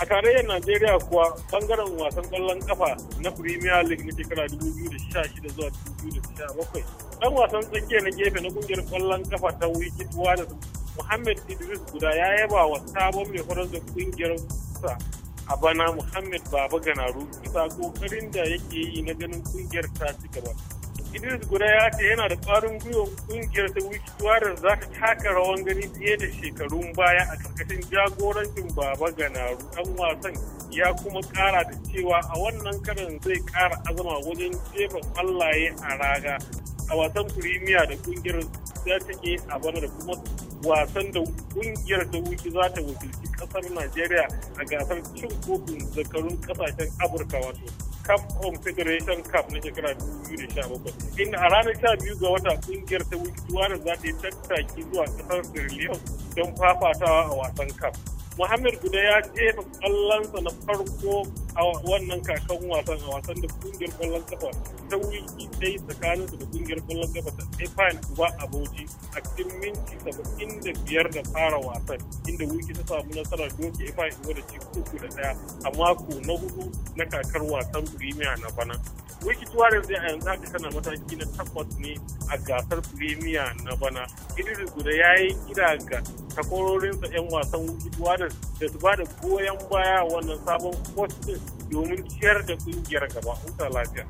a tarayyar najeriya kuwa bangaren wasan kwallon kafa na premier league na shekara 2016 zuwa 2017 dan wasan tsakiya na gefe na kungiyar kwallon kafa ta wikit da muhammad idris guda ya yaba wa sabon mai horar da kungiyar sa a bana muhammad baba ganaru bisa kokarin da yake yi na ganin kungiyar ta ci gaba Idris guda ya ce yana da ƙwarin gwiwa ƙungiyar ta Wikiwarar za ta taka rawan gani fiye da shekarun baya a ƙarƙashin jagorancin Baba Ganaru ɗan wasan ya kuma ƙara da cewa a wannan karin zai ƙara azama wajen jefa ƙwallaye a raga a wasan firimiya da ƙungiyar za ta ke a bana da kuma wasan da ƙungiyar ta wuce za ta wakilci ƙasar Najeriya a gasar cin kofin zakarun ƙasashen Afirka wato cup home cup na shekara 2017 inda a ranar 12 ga wata kungiyar ta wikiwana za ta yi tattaki zuwa kasar sierra don fafatawa a wasan cup muhammad guda ya jefa kallonsa na farko a wannan kakan wasan a wasan da kungiyar kwallon kafa ta wiki ta yi tsakanin da kungiyar kwallon kafa ta Stefan Uba Aboji a cikin minti saba'in da biyar da fara wasan inda wiki ta samu nasarar doki Stefan Uba da ci uku da daya a mako na hudu na kakar wasan Premier na bana. Wiki Tuwarin zai a yanzu haka tana mataki na takwas ne a gasar Premier na bana. Idris Guda ya yi kira ga takwarorinsa 'yan wasan Wiki Tuwarin da su ba da goyon baya wannan sabon kwastin domin ciyar da kungiyar gaba huta lafiya